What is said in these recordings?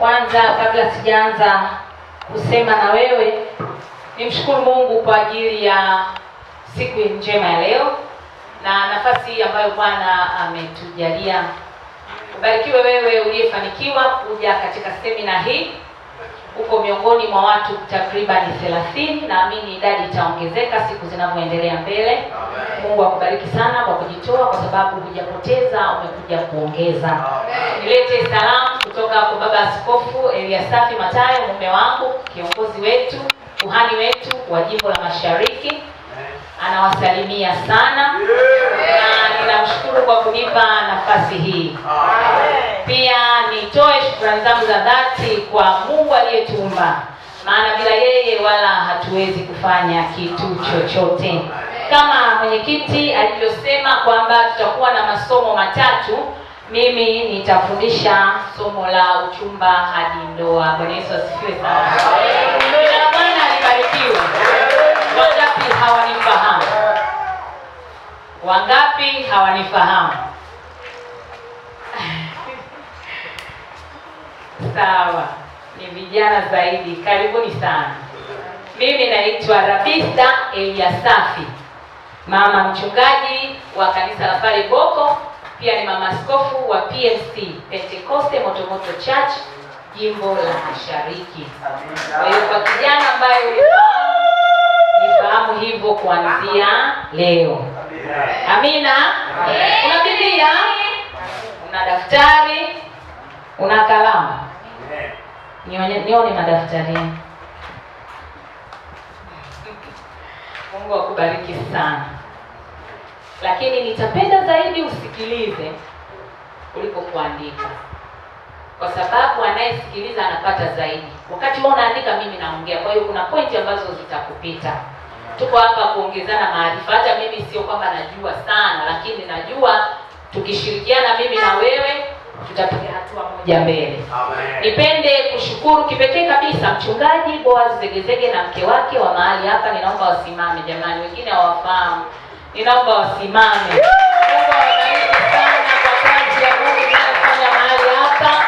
Kwanza kabla sijaanza kusema na wewe, nimshukuru Mungu kwa ajili ya siku njema ya leo na nafasi hii ambayo Bwana ametujalia. Ubarikiwe wewe uliyefanikiwa kuja katika semina hii, uko miongoni mwa watu takriban 30. Naamini idadi itaongezeka siku zinavyoendelea mbele. Amen. Mungu akubariki sana kwa kujitoa, kwa sababu hujapoteza, umekuja kuongeza. Nilete salamu kutoka kwa baba Askofu Eliasafi Matayo, mume wangu, kiongozi wetu, kuhani wetu wa jimbo la Mashariki, anawasalimia sana na ninamshukuru kwa kunipa nafasi hii. Pia nitoe shukrani zangu za dhati kwa Mungu aliyetuumba, maana bila yeye wala hatuwezi kufanya kitu chochote kama mwenyekiti alivyosema kwamba tutakuwa na masomo matatu. Mimi nitafundisha somo la uchumba hadi ndoa. Bwana Yesu asifiwe sana. Wangapi hawanifahamu? Wangapi hawanifahamu? Sawa, ni vijana zaidi. Karibuni sana. Mimi naitwa Rabista Eliasafi mama mchungaji wa kanisa la pale Boko, pia ni mama askofu wa PMC Pentecoste Motomoto Church jimbo la Mashariki. Kwa hiyo kwa kijana ambaye nifahamu hivyo kuanzia leo, amina. Una Biblia, una daftari, una kalamu, nione madaftari. Mungu akubariki sana lakini nitapenda zaidi usikilize kuliko kuandika, kwa sababu anayesikiliza anapata zaidi. Wakati wewe unaandika, mimi naongea, kwa hiyo kuna pointi ambazo zitakupita. Tuko hapa kuongezana maarifa. Hata mimi sio kwamba najua sana, lakini najua tukishirikiana, mimi na wewe tutapiga hatua moja mbele. Nipende kushukuru kipekee kabisa Mchungaji Boaz Zegezege na mke wake wa mahali hapa. Ninaomba wasimame jamani, wengine hawafahamu ninaomba wasimame. Mungu sana kwa kazi ya Mungu inayofanya mahali hapa.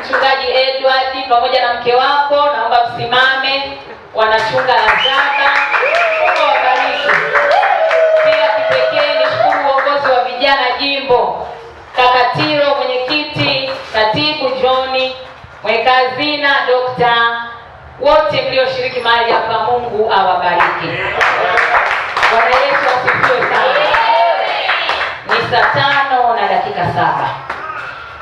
Mchungaji Edward pamoja na mke wako, naomba msimame, wanachunga azaba Mungu awabariki pia. Kipekee nishukuru uongozi wa vijana jimbo, Kakatiro mwenyekiti, katibu joni mweka hazina Dokta, wote mlioshiriki mahali hapa, Mungu awabariki. Bwana Yesu asifiwe sana. Ni saa tano na dakika saba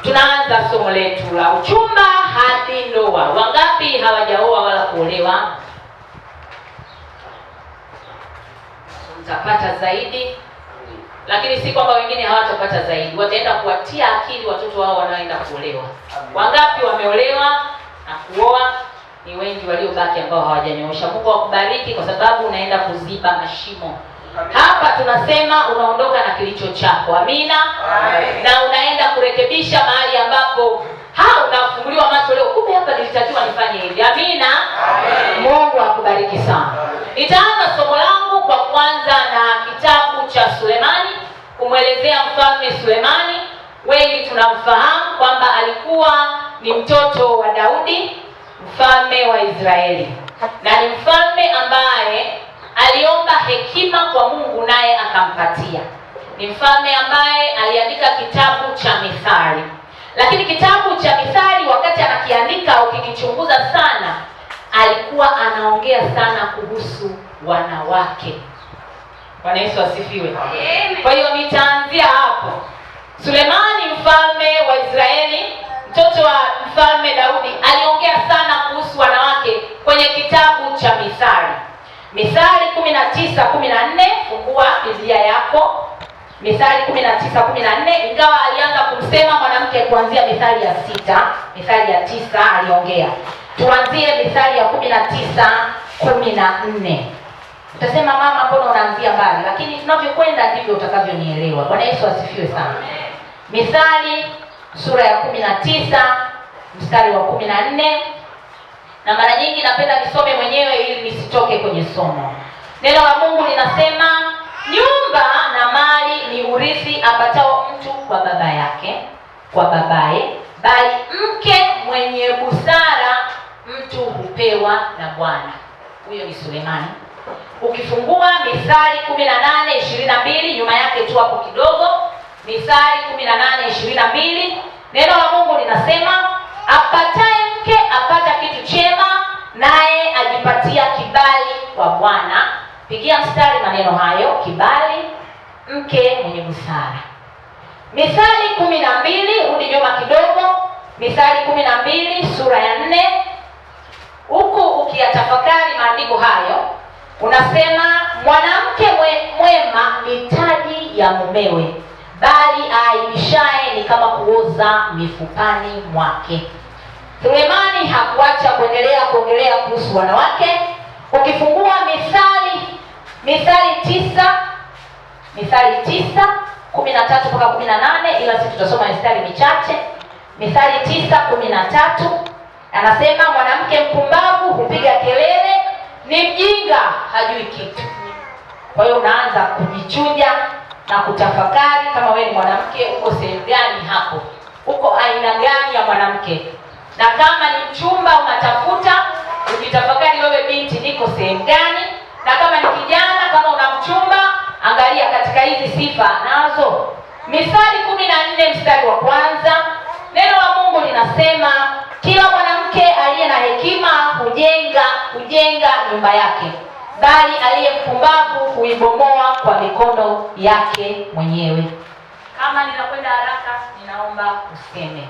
tunaanza somo letu la uchumba hadi ndoa. Wangapi hawajaoa wala kuolewa? Mtapata zaidi, lakini si kwamba wengine hawatapata zaidi, wataenda kuwatia akili watoto wao wanaoenda kuolewa. Wangapi wameolewa na kuoa? ni wengi waliobaki ambao hawajanyoosha. Mungu akubariki kwa sababu unaenda kuziba mashimo. Hapa tunasema unaondoka na kilicho chako, amina, na unaenda kurekebisha mahali ambapo ha unafunguliwa macho leo, kumbe hapa nilitakiwa nifanye hivi, amina. Mungu akubariki sana. Nitaanza somo langu kwa kwanza na kitabu cha Sulemani, kumwelezea mfalme Sulemani. Wengi tunamfahamu kwamba alikuwa ni mtoto wa Daudi mfalme wa Israeli, na ni mfalme ambaye aliomba hekima kwa Mungu naye akampatia. Ni mfalme ambaye aliandika kitabu cha Mithali, lakini kitabu cha Mithali wakati anakiandika, ukikichunguza sana, alikuwa anaongea sana kuhusu wanawake. Bwana Yesu asifiwe. Kwa hiyo nitaanzia hapo. Sulemani mfalme wa Israeli kumi na tisa kumi na nne fungua Biblia yako Mithali kumi na tisa kumi na nne ingawa alianza kumsema mwanamke kuanzia Mithali ya sita Mithali ya tisa aliongea, tuanzie Mithali ya kumi na tisa kumi na nne Utasema mama, mbona unaanzia mbali? Lakini tunavyokwenda ndivyo utakavyonielewa. Bwana Yesu asifiwe sana. Mithali sura ya kumi na tisa mstari wa kumi na nne na mara nyingi napenda nisome mwenyewe ili nisitoke kwenye somo. Neno la Mungu linasema nyumba na mali ni urithi apatao mtu kwa baba yake, kwa babaye, bali mke mwenye busara mtu hupewa na Bwana. Huyo ni Sulemani. Ukifungua Mithali 18:22 nyuma yake tu hapo kidogo, Mithali 18:22 neno la Mungu linasema apataye mke apata kitu chema, naye ajipatia kibali kwa Bwana Pigia mstari maneno hayo, kibali, mke mwenye busara. Mithali kumi na mbili, rudi nyuma kidogo. Mithali kumi na mbili sura ya nne. Huku ukiyatafakari maandiko hayo, unasema mwanamke mwema ni taji ya mumewe, bali aibishaye ni kama kuoza mifupani mwake. Sulemani hakuacha kuendelea kuongelea kuhusu wanawake Ukifungua Mithali, Mithali tisa, Mithali tisa kumi na tatu mpaka kumi na nane ila sisi tutasoma mistari michache. Mithali tisa kumi na tatu anasema mwanamke mpumbavu hupiga kelele, ni mjinga hajui kitu. Kwa hiyo unaanza kujichuja na kutafakari kama wewe ni mwanamke, uko sehemu gani hapo, uko aina gani ya mwanamke, na kama ni mchumba unatafuta ujitafakari wewe binti, niko sehemu gani? Na kama ni kijana, kama una mchumba, angalia katika hizi sifa nazo. Mithali kumi na nne mstari wa kwanza neno la Mungu linasema kila mwanamke aliye na hekima hujenga hujenga nyumba yake, bali aliye mpumbavu huibomoa kwa mikono yake mwenyewe. Kama ninakwenda haraka, ninaomba useme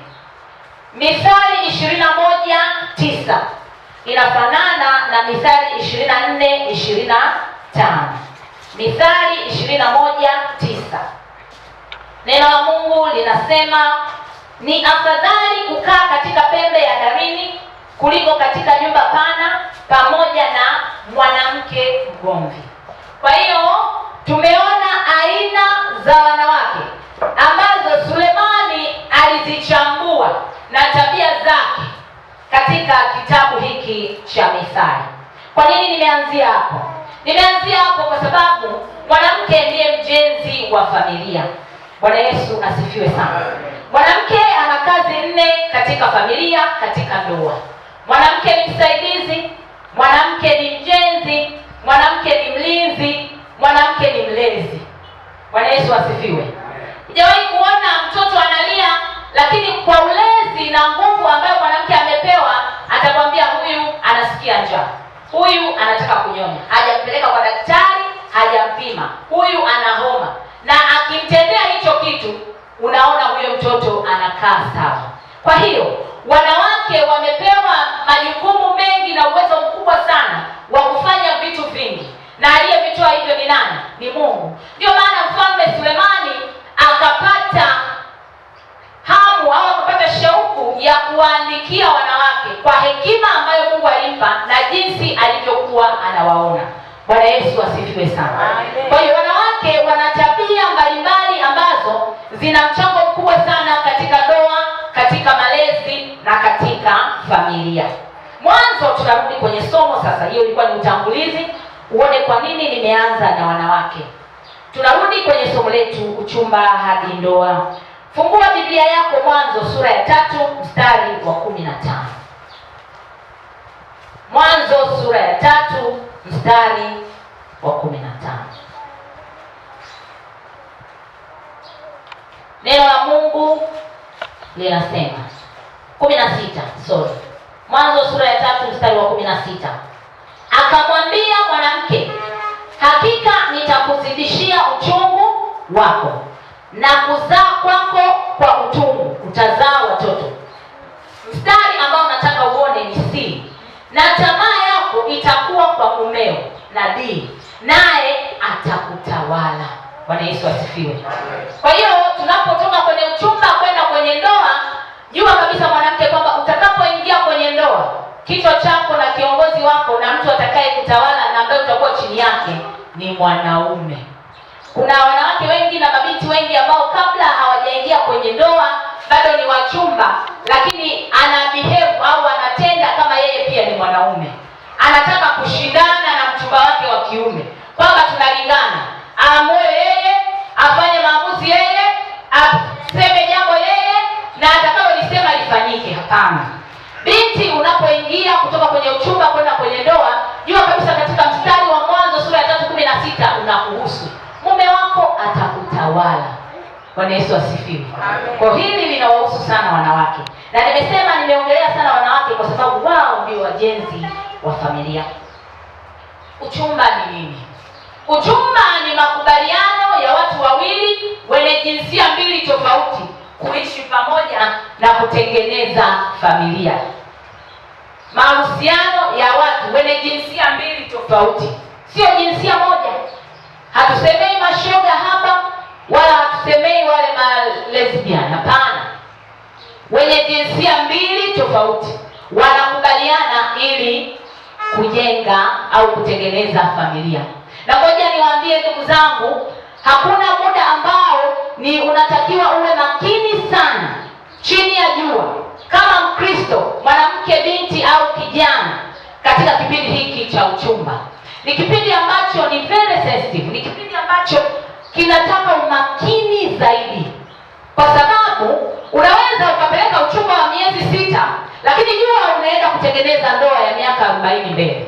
Mithali ishirini na moja tisa inafanana na Mithali 24 25, Mithali 21 9. Neno la Mungu linasema ni afadhali kukaa katika pembe ya darini kuliko katika nyumba pana pamoja na mwanamke mgomvi. Kwa hiyo tumeona aina za wanawake ambazo Sulemani alizichambua na tabia zake katika kitabu hiki cha Mithali. Kwa nini nimeanzia hapo? Nimeanzia hapo kwa sababu mwanamke ndiye mjenzi wa familia. Bwana Yesu asifiwe sana. Mwanamke ana kazi nne katika familia, katika ndoa. Mwanamke ni msaidizi, mwanamke ni mjenzi, mwanamke ni mlinzi, mwanamke ni mlezi. Bwana Yesu asifiwe. ijawahi kuona mtoto analia lakini kwa ulezi na nguvu ambayo mwanamke amepewa, atakwambia huyu anasikia njaa, huyu anataka kunyonya, hajampeleka kwa daktari, hajampima, huyu ana homa, na akimtendea hicho kitu, unaona huyo mtoto anakaa sawa. Kwa hiyo wanawake wamepewa majukumu mengi na uwezo mkubwa sana wa kufanya vitu vingi, na aliyevitoa hivyo ni nani? Ni Mungu. Ndio maana mfalme Sulemani akapata hamu au kupata shauku ya kuwaandikia wanawake kwa hekima ambayo Mungu alimpa na jinsi alivyokuwa anawaona. Bwana Yesu asifiwe sana. Kwa hiyo wanawake wana tabia mbalimbali ambazo zina mchango mkubwa sana katika ndoa, katika malezi na katika familia. Mwanzo tunarudi kwenye somo sasa, hiyo ilikuwa ni utangulizi uone kwa nini nimeanza na wanawake. Tunarudi kwenye somo letu, uchumba hadi ndoa. Fungua Biblia yako Mwanzo sura ya tatu mstari wa kumi na tano. Mwanzo sura ya tatu mstari wa kumi na tano. Neno la Mungu linasema kumi na sita, sorry. Mwanzo sura ya tatu mstari wa kumi na sita. Akamwambia mwanamke, hakika nitakuzidishia uchungu wako na kuzaa kwako kwa utungu, utazaa watoto. Mstari ambao nataka uone ni C, na tamaa yako itakuwa kwa mumeo, na D, naye atakutawala. Bwana Yesu asifiwe. Kwa hiyo tunapotoka kwenye uchumba kwenda kwenye ndoa, jua kabisa mwanamke kwamba utakapoingia kwenye ndoa, kichwa chako na kiongozi wako na mtu atakaye kutawala na ambaye utakuwa chini yake ni mwanaume. Kuna wanawake wengi na mabinti wengi ambao kabla hawajaingia kwenye ndoa bado ni wachumba, lakini ana behave au anatenda kama yeye pia ni mwanaume, anataka kushindana na mchumba wake wa kiume kwamba tunalingana, aamue yeye, afanye maamuzi yeye, aseme jambo yeye, na atakalolisema lifanyike. Hapana. Binti, unapoingia kutoka kwenye uchumba kwenda kwenye ndoa, jua kabisa katika mstari wa Mwanzo sura ya tatu kumi na sita unakuhusu mume wako atakutawala. Bwana Yesu asifiwe. Kwa hili linawahusu sana wanawake, na nimesema nimeongelea sana wanawake kwa sababu wao ndio wajenzi wa familia. Uchumba ni nini? Uchumba ni makubaliano ya watu wawili wenye jinsia mbili tofauti kuishi pamoja na kutengeneza familia. Mahusiano ya watu wenye jinsia mbili tofauti, sio jinsia moja. Hatusemei mashoga hapa, wala hatusemei wale lesbian. hapana. Wenye jinsia mbili tofauti wanakubaliana ili kujenga au kutengeneza familia. Na ngoja niwaambie ndugu zangu, hakuna muda ambao ni unatakiwa uwe makini sana chini ya jua kama Mkristo, mwanamke, binti au kijana katika kipindi hiki cha uchumba. Ni kipindi ambacho ni very sensitive, ni kipindi ambacho kinataka umakini zaidi, kwa sababu unaweza ukapeleka uchumba wa miezi sita, lakini jua unaenda kutengeneza ndoa ya miaka arobaini mbele.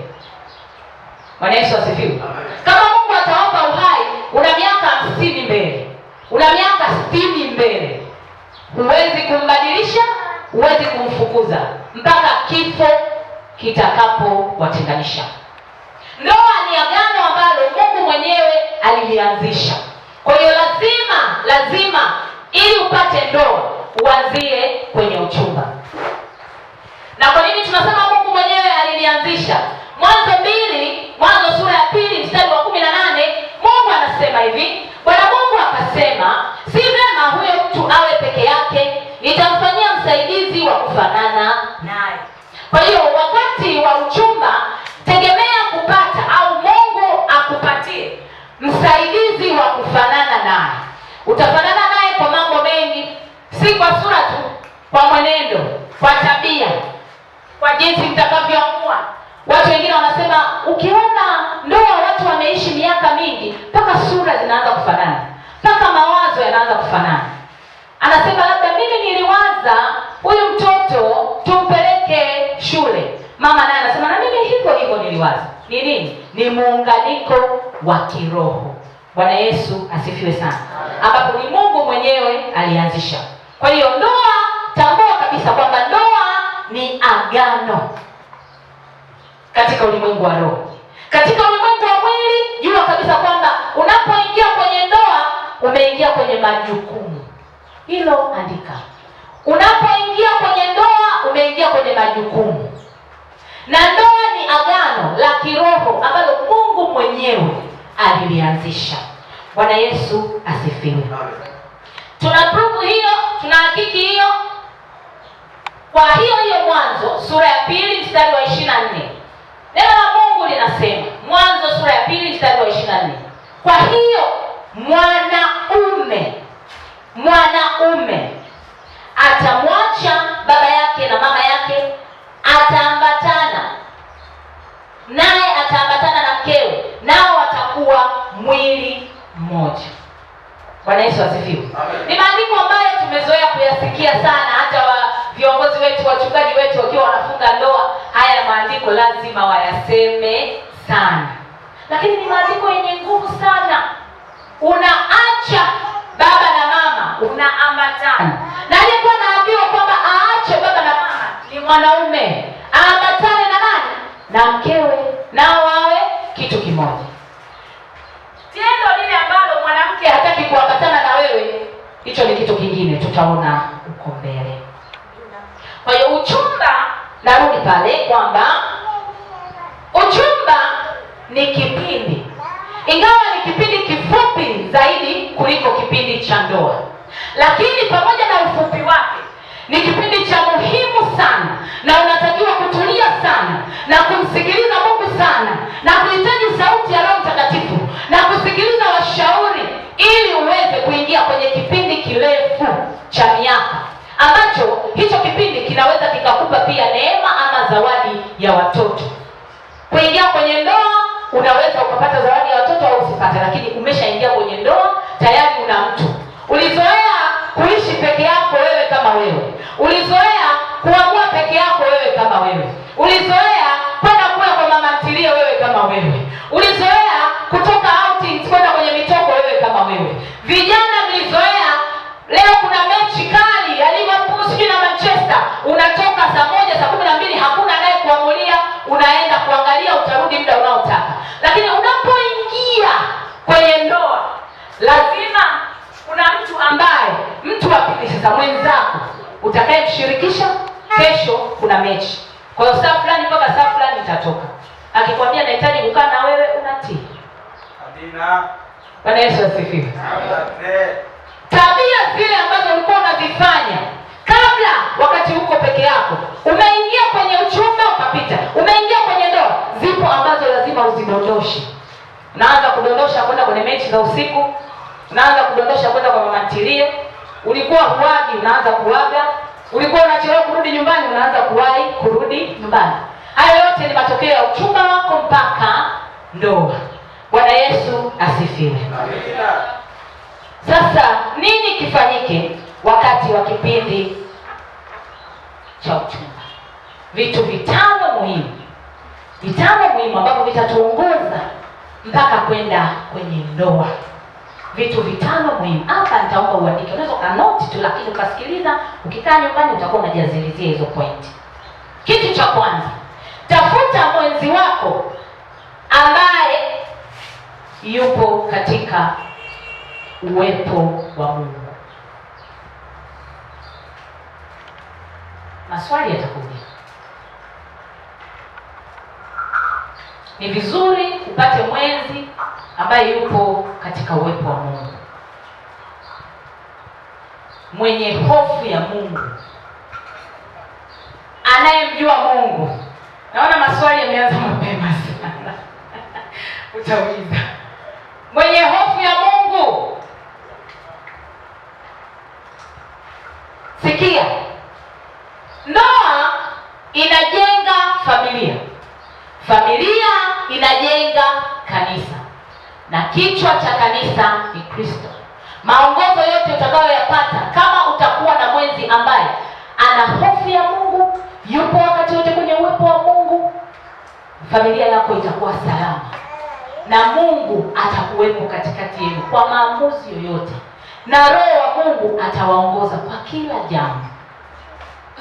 Bwana Yesu asifiwe. Kama Mungu atawapa uhai, una miaka hamsini mbele, una miaka sitini mbele, huwezi kumbadilisha, huwezi kumfukuza mpaka kifo kitakapowatenganisha. Ndoa ni agano ambalo Mungu mwenyewe alilianzisha. Kwa hiyo lazima lazima, ili upate ndoa uanzie kwenye uchumba. Na kwa nini tunasema Mungu mwenyewe alilianzisha? Mwanzo mbili, Mwanzo sura ya pili mstari wa kumi na nane Mungu anasema hivi, Bwana Mungu akasema, si vema huyo mtu awe peke yake, nitamfanyia msaidizi wa kufanana naye. Kwa hiyo wakati wa uchumba tegemea msaidizi wa kufanana naye. Utafanana naye kwa mambo mengi, si kwa sura tu, kwa mwenendo, kwa tabia, kwa jinsi mtakavyoamua. Watu wengine wanasema ukiona ndoa watu wameishi miaka mingi, mpaka sura zinaanza kufanana, mpaka mawazo yanaanza kufanana. Anasema labda mimi niliwaza huyu mtoto tumpeleke shule, mama naye anasema lakini hivyo hivyo niliwaza ni nini? Ni muunganiko wa kiroho. Bwana Yesu asifiwe sana, ambapo ni Mungu mwenyewe alianzisha. Kwa hiyo ndoa, tambua kabisa kwamba ndoa ni agano katika ulimwengu wa roho. Katika ulimwengu wa mwili, jua kabisa kwamba unapoingia kwenye ndoa umeingia kwenye majukumu. Hilo andika, unapoingia kwenye ndoa umeingia kwenye majukumu na ndoa ni agano la kiroho ambalo Mungu mwenyewe alilianzisha. Bwana Yesu asifiwe. Tuna pruvu hiyo, tuna hakiki hiyo kwa hiyo hiyo Mwanzo sura ya pili mstari wa 24 neno la Mungu linasema, Mwanzo sura ya pili mstari wa 24 kwa hiyo mwanaume mwanaume atamwa mwanaume aambatane na nani? Na mkewe, nao wawe kitu kimoja. Tendo lile ambalo mwanamke hataki kuambatana na wewe, hicho ni kitu kingine, tutaona huko mbele. Kwa hiyo uchumba, narudi pale kwamba uchumba ni kipindi, ingawa ni kipindi kifupi zaidi kuliko kipindi cha ndoa, lakini pamoja na ufupi wake ni kipindi cha muhimu sana, na unatakiwa kutulia sana na kumsikiliza Mungu sana na kuhitaji sauti ya Roho Mtakatifu na kusikiliza washauri, ili uweze kuingia kwenye kipindi kirefu cha miaka ambacho hicho kipindi kinaweza kikakupa pia neema ama zawadi ya watoto. Kuingia kwenye ndoa, unaweza ukapata zawadi ya watoto au usipate, lakini umeshaingia kwenye ndoa tayari, una mtu ulizoea kuishi peke yako wewe kama wewe Ulizoea kuamua peke yako wewe kama wewe. Ulizoea kwenda kula kwa mama ntilie wewe kama wewe. Ulizoea kutoka outing kwenda kwenye mitoko wewe kama wewe. Vijana mlizoea leo kuna mechi kali ya Liverpool sijui na Manchester, unatoka saa moja saa kumi na mbili hakuna kuamulia unaenda kuangalia, utarudi muda unao mechi. Kwa hiyo saa fulani mpaka saa fulani itatoka. Akikwambia nahitaji kukaa na wewe unatii. Amina. Bwana Yesu asifiwe. Amen. Tabia zile ambazo ulikuwa unazifanya kabla wakati huko peke yako, umeingia kwenye uchumba ukapita, umeingia kwenye ndoa, zipo ambazo lazima uzidondoshe. naanza kudondosha kwenda kwenye mechi za usiku, naanza kudondosha kwenda kwa mama ulikuwa huagi, unaanza kuaga Ulikuwa unachelewa kurudi nyumbani, unaanza kuwahi kurudi nyumbani. Hayo yote ni matokeo ya uchumba wako mpaka ndoa. Bwana Yesu asifiwe. Sasa nini kifanyike wakati wa kipindi cha uchumba? Vitu vitano muhimu, vitano muhimu ambavyo vitatuongoza mpaka kwenda kwenye ndoa vitu vitano muhimu. Hapa nitaomba uandike, unaweza ukanoti tu, lakini ukasikiliza. Ukikaa nyumbani utakuwa unajazilizia hizo point. Kitu cha kwanza, tafuta mwenzi wako ambaye yupo katika uwepo wa Mungu. Maswali yatakuja. Ni vizuri upate mwenzi ambaye yupo katika uwepo wa Mungu, mwenye hofu ya Mungu, anayemjua Mungu. Naona maswali yameanza mapema sana utauliza mwenye hofu ya Mungu. Sikia, ndoa inajenga familia, familia inajenga kanisa, na kichwa cha kanisa ni Kristo. Maongozo yote utakayoyapata kama utakuwa na mwenzi ambaye ana hofu ya Mungu, yupo wakati wote kwenye uwepo wa Mungu, familia yako itakuwa salama na Mungu atakuwepo katikati yenu kwa maamuzi yoyote, na Roho wa Mungu atawaongoza kwa kila jambo.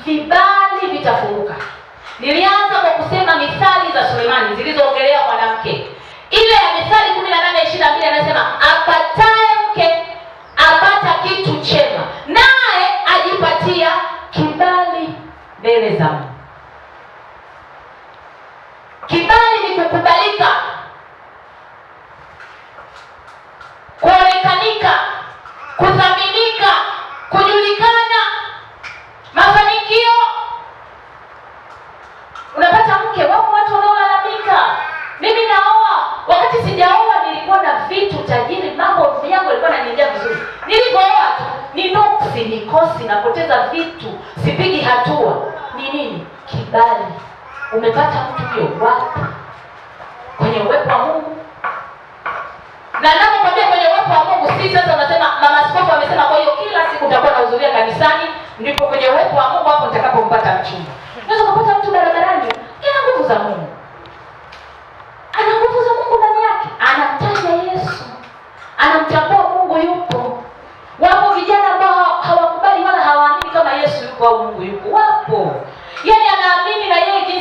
Vibali vitafunguka. Nilianza kwa kusema vitu sipigi hatua ni nini? Kibali. Umepata mtu huyo wapi? Kwenye uwepo wa Mungu. Na ninapokwambia kwenye uwepo wa Mungu, si sasa unasema mama askofu amesema, kwa hiyo kila siku nitakuwa nahudhuria kanisani, ndipo kwenye uwepo wa Mungu hapo nitakapompata mchumba. Unaweza kupata mtu barabarani, ila nguvu za Mungu ana nguvu za Mungu ndani yake, anamtaja Yesu, anamtaja kwa Mungu yuko yaani anaamini na yeye